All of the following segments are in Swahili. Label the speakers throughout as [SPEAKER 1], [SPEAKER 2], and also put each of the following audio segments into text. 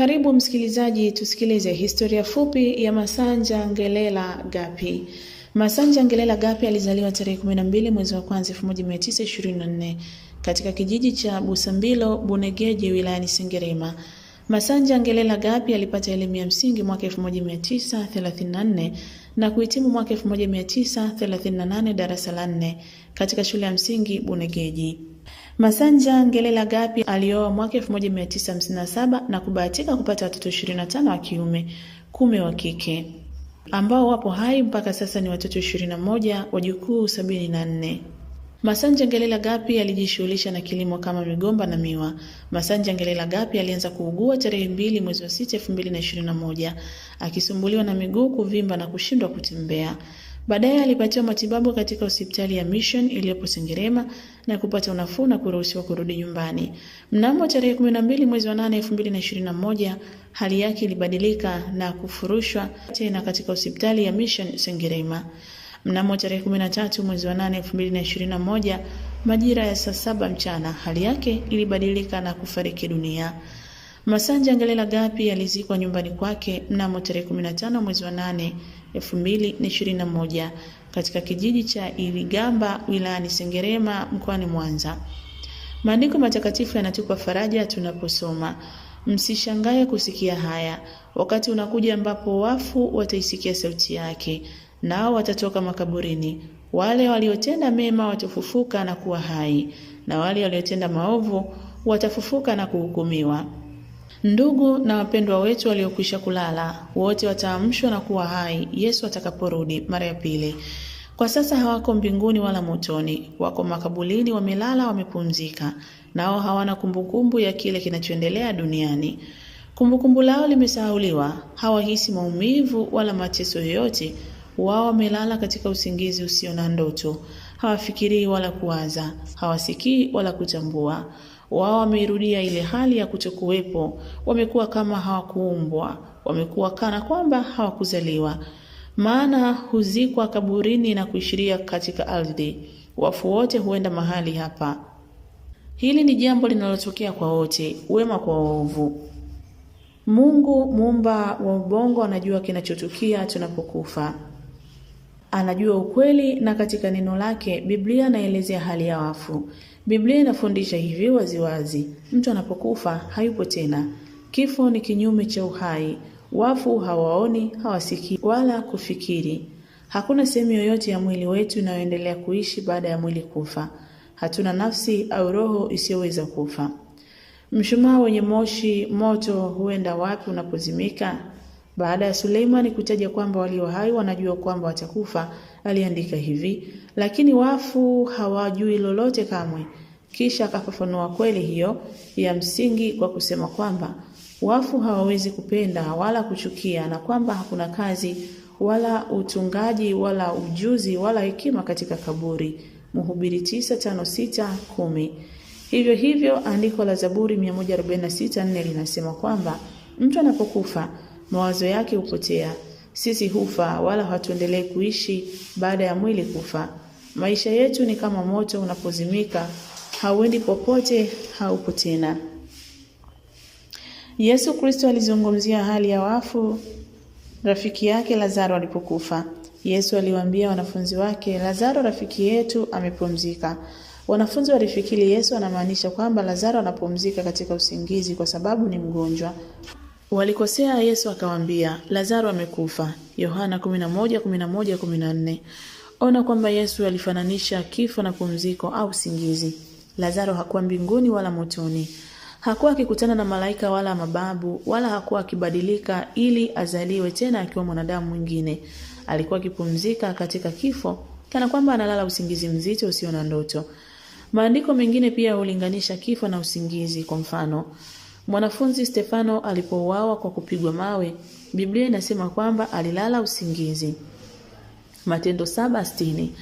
[SPEAKER 1] Karibu msikilizaji, tusikilize historia fupi ya Masanja Ngelela Gapi. Masanja Ngelela Gapi alizaliwa tarehe 12 mwezi wa kwanza 1924 katika kijiji cha Busambilo Bunegeje wilayani Sengerema. Masanja Ngelela Gapi alipata elimu ya msingi mwaka 1934 na kuhitimu mwaka 1938 darasa la 4 katika shule ya msingi Bunegeji. Masanja ngelela gapi alioa mwaka 1957 na kubahatika kupata watoto 25 wa kiume, kumi wa kike ambao wapo hai mpaka sasa ni watoto 21 wajukuu sabini na nne. Masanja gapi alijishughulisha na kilimo kama migomba na miwa. Masanja ngelela gapi alianza kuugua tarehe mbili mwezi wa 6 2021, akisumbuliwa na miguu kuvimba na kushindwa kutembea. Baadaye alipatiwa matibabu katika hospitali ya Mission iliyopo Sengerema na kupata unafuu na kuruhusiwa kurudi nyumbani. Mnamo tarehe 12 mwezi wa 8 2021, hali yake ilibadilika na kufurushwa tena katika hospitali ya Mission Sengerema. Mnamo tarehe 13 mwezi wa 8 2021, majira ya saa saba mchana, hali yake ilibadilika na kufariki dunia. Masanja Ngalela Gapi alizikwa nyumbani kwake mnamo tarehe 15 mwezi wa 8 2021 katika kijiji cha Iligamba wilayani Sengerema mkoani Mwanza. Maandiko matakatifu yanatupa faraja tunaposoma, msishangae kusikia haya, wakati unakuja ambapo wafu wataisikia sauti yake, nao watatoka makaburini, wale waliotenda mema watafufuka na kuwa hai, na wale waliotenda maovu watafufuka na kuhukumiwa. Ndugu na wapendwa wetu waliokwisha kulala wote wataamshwa na kuwa hai Yesu atakaporudi mara ya pili. Kwa sasa hawako mbinguni wala motoni, wako makaburini, wamelala wamepumzika, nao hawana kumbukumbu ya kile kinachoendelea duniani. Kumbukumbu lao limesahauliwa, hawahisi maumivu wala mateso yoyote. Wao wamelala katika usingizi usio na ndoto, hawafikirii wala kuwaza, hawasikii wala kutambua wao wameirudia ile hali ya kutokuwepo, wamekuwa kama hawakuumbwa, wamekuwa kana kwamba hawakuzaliwa. Maana huzikwa kaburini na kuishiria katika ardhi, wafu wote huenda mahali hapa. Hili ni jambo linalotokea kwa wote, wema kwa waovu. Mungu muumba wa ubongo anajua kinachotukia tunapokufa anajua ukweli, na katika neno lake Biblia anaelezea hali ya wafu. Biblia inafundisha hivi waziwazi, mtu anapokufa hayupo tena. Kifo ni kinyume cha uhai. Wafu hawaoni, hawasikii wala kufikiri. Hakuna sehemu yoyote ya mwili wetu inayoendelea kuishi baada ya mwili kufa. Hatuna nafsi au roho isiyoweza kufa. Mshumaa wenye moshi moto huenda wapi unapozimika? Baada ya Suleimani kutaja kwamba walio hai wanajua kwamba watakufa, aliandika hivi: lakini wafu hawajui lolote kamwe. Kisha akafafanua kweli hiyo ya msingi kwa kusema kwamba wafu hawawezi kupenda wala kuchukia, na kwamba hakuna kazi wala utungaji wala ujuzi wala hekima katika kaburi. Mhubiri tisa Hivyo hivyo andiko la Zaburi 146:4 linasema kwamba mtu anapokufa mawazo yake hupotea. Sisi hufa wala hatuendelei kuishi baada ya mwili kufa. Maisha yetu ni kama moto unapozimika, hauendi popote, haupo tena. Yesu Kristo alizungumzia hali ya wafu rafiki yake Lazaro alipokufa. Yesu aliwaambia wanafunzi wake, Lazaro rafiki yetu amepumzika. Wanafunzi walifikiri Yesu anamaanisha kwamba Lazaro anapumzika katika usingizi kwa sababu ni mgonjwa. Walikosea Yesu akawaambia, Lazaro amekufa. Yohana 11:11-14. Ona kwamba Yesu alifananisha kifo na pumziko au singizi. Lazaro hakuwa mbinguni wala motoni. Hakuwa akikutana na malaika wala mababu wala hakuwa akibadilika ili azaliwe tena akiwa mwanadamu mwingine. Alikuwa akipumzika katika kifo kana kwamba analala usingizi mzito usio na ndoto. Maandiko mengine pia hulinganisha kifo na usingizi kwa mfano Mwanafunzi Stefano alipouawa kwa kupigwa mawe, Biblia inasema kwamba alilala usingizi. Matendo saba sitini.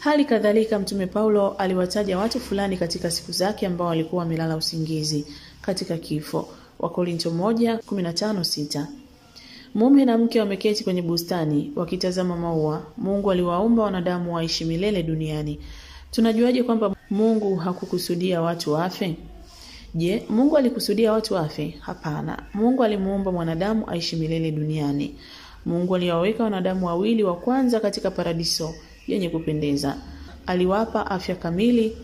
[SPEAKER 1] Hali kadhalika Mtume Paulo aliwataja watu fulani katika siku zake ambao walikuwa wamelala usingizi katika kifo. Wakorinto tano sita. Mume na mke wameketi kwenye bustani wakitazama maua. Mungu aliwaumba wanadamu waishi milele duniani. Tunajuaje kwamba Mungu hakukusudia watu wafe? Je, Mungu alikusudia watu wafe? Hapana. Mungu alimuumba mwanadamu aishi milele duniani. Mungu aliwaweka wanadamu wawili wa kwanza katika paradiso yenye kupendeza. Aliwapa afya kamili.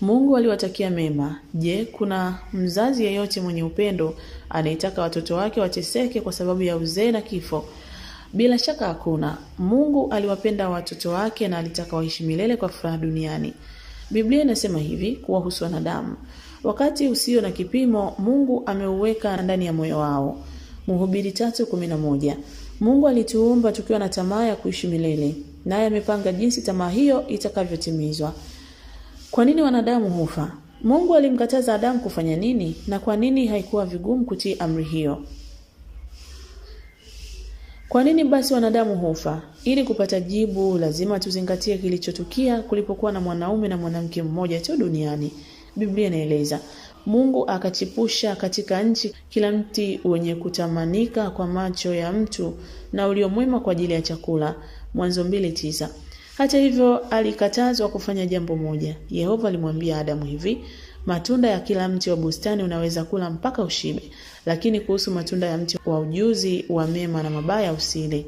[SPEAKER 1] Mungu aliwatakia mema. Je, kuna mzazi yeyote mwenye upendo anayetaka watoto wake wateseke kwa sababu ya uzee na kifo? Bila shaka hakuna. Mungu aliwapenda watoto wake na alitaka waishi milele kwa furaha duniani. Biblia inasema hivi kuwahusu wanadamu: wakati usio na kipimo Mungu ameuweka ndani ya moyo wao. Mhubiri tatu Mungu alituumba tukiwa na tamaa ya kuishi milele, naye amepanga jinsi tamaa hiyo itakavyotimizwa. Kwa nini wanadamu hufa? Mungu alimkataza Adamu kufanya nini, na kwa nini haikuwa vigumu kutii amri hiyo? Kwa nini basi wanadamu hufa? Ili kupata jibu, lazima tuzingatie kilichotukia kulipokuwa na mwanaume na mwanamke mmoja tu duniani. Biblia inaeleza Mungu akachipusha katika nchi kila mti wenye kutamanika kwa macho ya mtu na uliomwema kwa ajili ya chakula. Mwanzo mbili tisa. Hata hivyo alikatazwa kufanya jambo moja. Yehova alimwambia Adamu hivi, matunda ya kila mti wa bustani unaweza kula mpaka ushibe, lakini kuhusu matunda ya mti wa ujuzi wa mema na mabaya usile,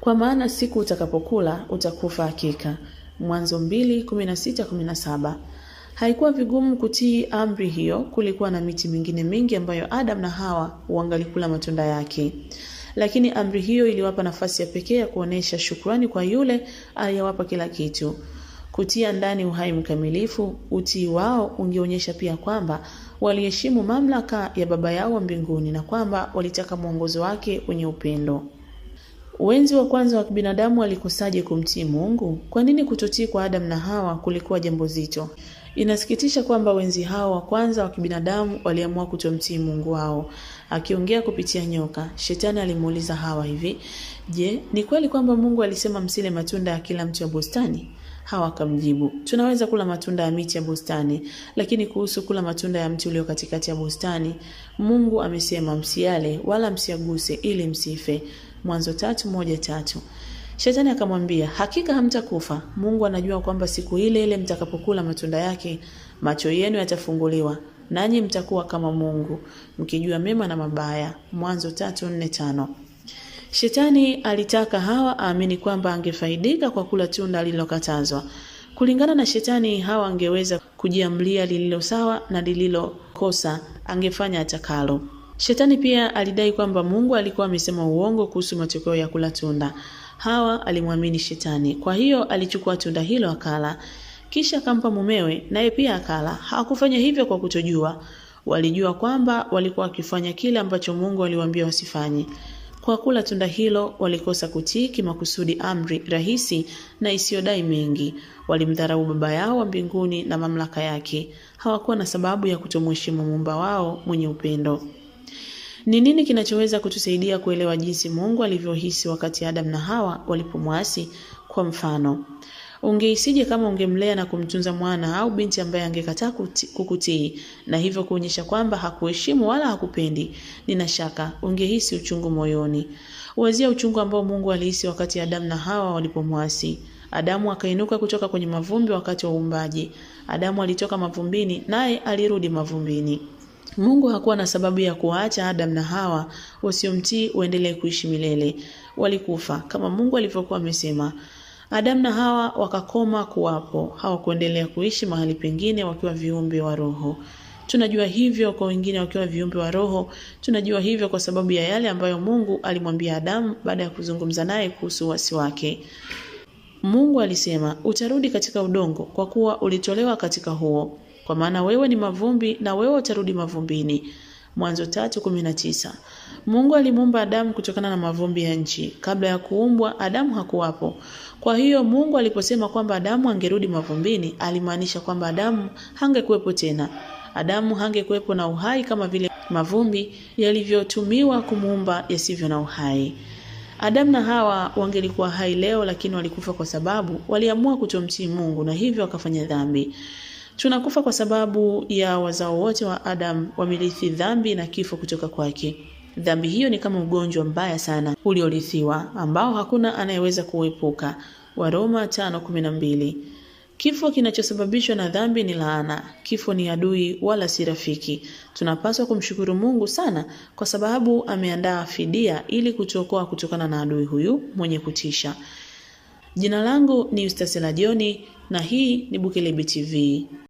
[SPEAKER 1] kwa maana siku utakapokula utakufa hakika. Mwanzo mbili kumi na sita kumi na saba. Haikuwa vigumu kutii amri hiyo, kulikuwa na miti mingine mingi ambayo Adam na Hawa wangalikula matunda yake. Lakini amri hiyo iliwapa nafasi ya pekee ya kuonesha shukrani kwa yule aliyewapa kila kitu. Kutia ndani uhai mkamilifu, utii wao ungeonyesha pia kwamba waliheshimu mamlaka ya Baba yao wa mbinguni na kwamba walitaka mwongozo wake wenye upendo. Wenzi wa kwanza wa kibinadamu walikosaje kumtii Mungu? Kwa nini kutotii kwa Adam na Hawa kulikuwa jambo zito? Inasikitisha kwamba wenzi hao wa kwanza wa kibinadamu waliamua kutomtii Mungu wao. Akiongea kupitia nyoka, Shetani alimuuliza Hawa hivi, "Je, ni kweli kwamba Mungu alisema msile matunda ya kila mti wa bustani?" Hawa akamjibu, tunaweza kula matunda ya miti ya bustani, lakini kuhusu kula matunda ya mti ulio katikati ya bustani, Mungu amesema msiale wala msiaguse ili msife. Mwanzo tatu moja tatu. Shetani akamwambia, hakika hamtakufa. Mungu anajua kwamba siku ile ile mtakapokula matunda yake, macho yenu yatafunguliwa, nanyi mtakuwa kama Mungu, mkijua mema na mabaya. Mwanzo tatu nne tano. Shetani alitaka Hawa aamini kwamba angefaidika kwa kula tunda lililokatazwa. Kulingana na Shetani, Hawa angeweza kujiamlia lililo sawa na lililokosa, angefanya atakalo. Shetani pia alidai kwamba Mungu alikuwa amesema uongo kuhusu matokeo ya kula tunda. Hawa alimwamini Shetani, kwa hiyo alichukua tunda hilo akala, kisha akampa mumewe, naye pia akala. Hawakufanya hivyo kwa kutojua, walijua kwamba walikuwa wakifanya kile ambacho Mungu aliwaambia wasifanye. Kwa kula tunda hilo walikosa kutii kimakusudi amri rahisi na isiyodai mengi. Walimdharau Baba yao wa mbinguni na mamlaka yake. Hawakuwa na sababu ya kutomheshimu muumba wao mwenye upendo. Ni nini kinachoweza kutusaidia kuelewa jinsi Mungu alivyohisi wakati Adam na Hawa walipomwasi? Kwa mfano, ungehisije kama ungemlea na kumtunza mwana au binti ambaye angekataa kukutii na hivyo kuonyesha kwamba hakuheshimu wala hakupendi? Nina shaka ungehisi uchungu moyoni. Wazia uchungu ambao Mungu alihisi wakati Adamu na Hawa walipomwasi. Adamu akainuka kutoka kwenye mavumbi wakati wa uumbaji. Adamu alitoka mavumbini, naye alirudi mavumbini. Mungu hakuwa na sababu ya kuwaacha Adam na Hawa wasiomtii waendelee kuishi milele. Walikufa kama Mungu alivyokuwa amesema. Adam na Hawa wakakoma kuwapo, hawakuendelea kuishi mahali pengine wakiwa viumbe wa roho. Tunajua hivyo kwa wengine wakiwa viumbe wa roho, tunajua hivyo kwa sababu ya yale ambayo Mungu alimwambia Adamu baada ya kuzungumza naye kuhusu uasi wake. Mungu alisema, utarudi katika udongo kwa kuwa ulitolewa katika huo kwa maana wewe ni mavumbi na wewe utarudi mavumbini. Mwanzo 3:19. Mungu alimuumba Adamu kutokana na mavumbi ya nchi. Kabla ya kuumbwa Adamu hakuwapo. Kwa hiyo Mungu aliposema kwamba Adamu angerudi mavumbini, alimaanisha kwamba Adamu hangekuwepo tena. Adamu hangekuwepo na uhai kama vile mavumbi yalivyotumiwa kumuumba yasivyo na uhai. Adamu na Hawa wangelikuwa hai leo, lakini walikufa kwa sababu waliamua kutomtii Mungu na hivyo wakafanya dhambi. Tunakufa kwa sababu ya wazao wote wa Adam wamerithi dhambi na kifo kutoka kwake. Dhambi hiyo ni kama ugonjwa mbaya sana uliorithiwa ambao hakuna anayeweza kuepuka. Waroma 5:12. Kifo kinachosababishwa na dhambi ni laana. Kifo ni adui wala si rafiki. Tunapaswa kumshukuru Mungu sana kwa sababu ameandaa fidia ili kutuokoa kutokana na adui huyu mwenye kutisha. Jina langu ni Yustasela Joni na hii ni Bukelebe TV.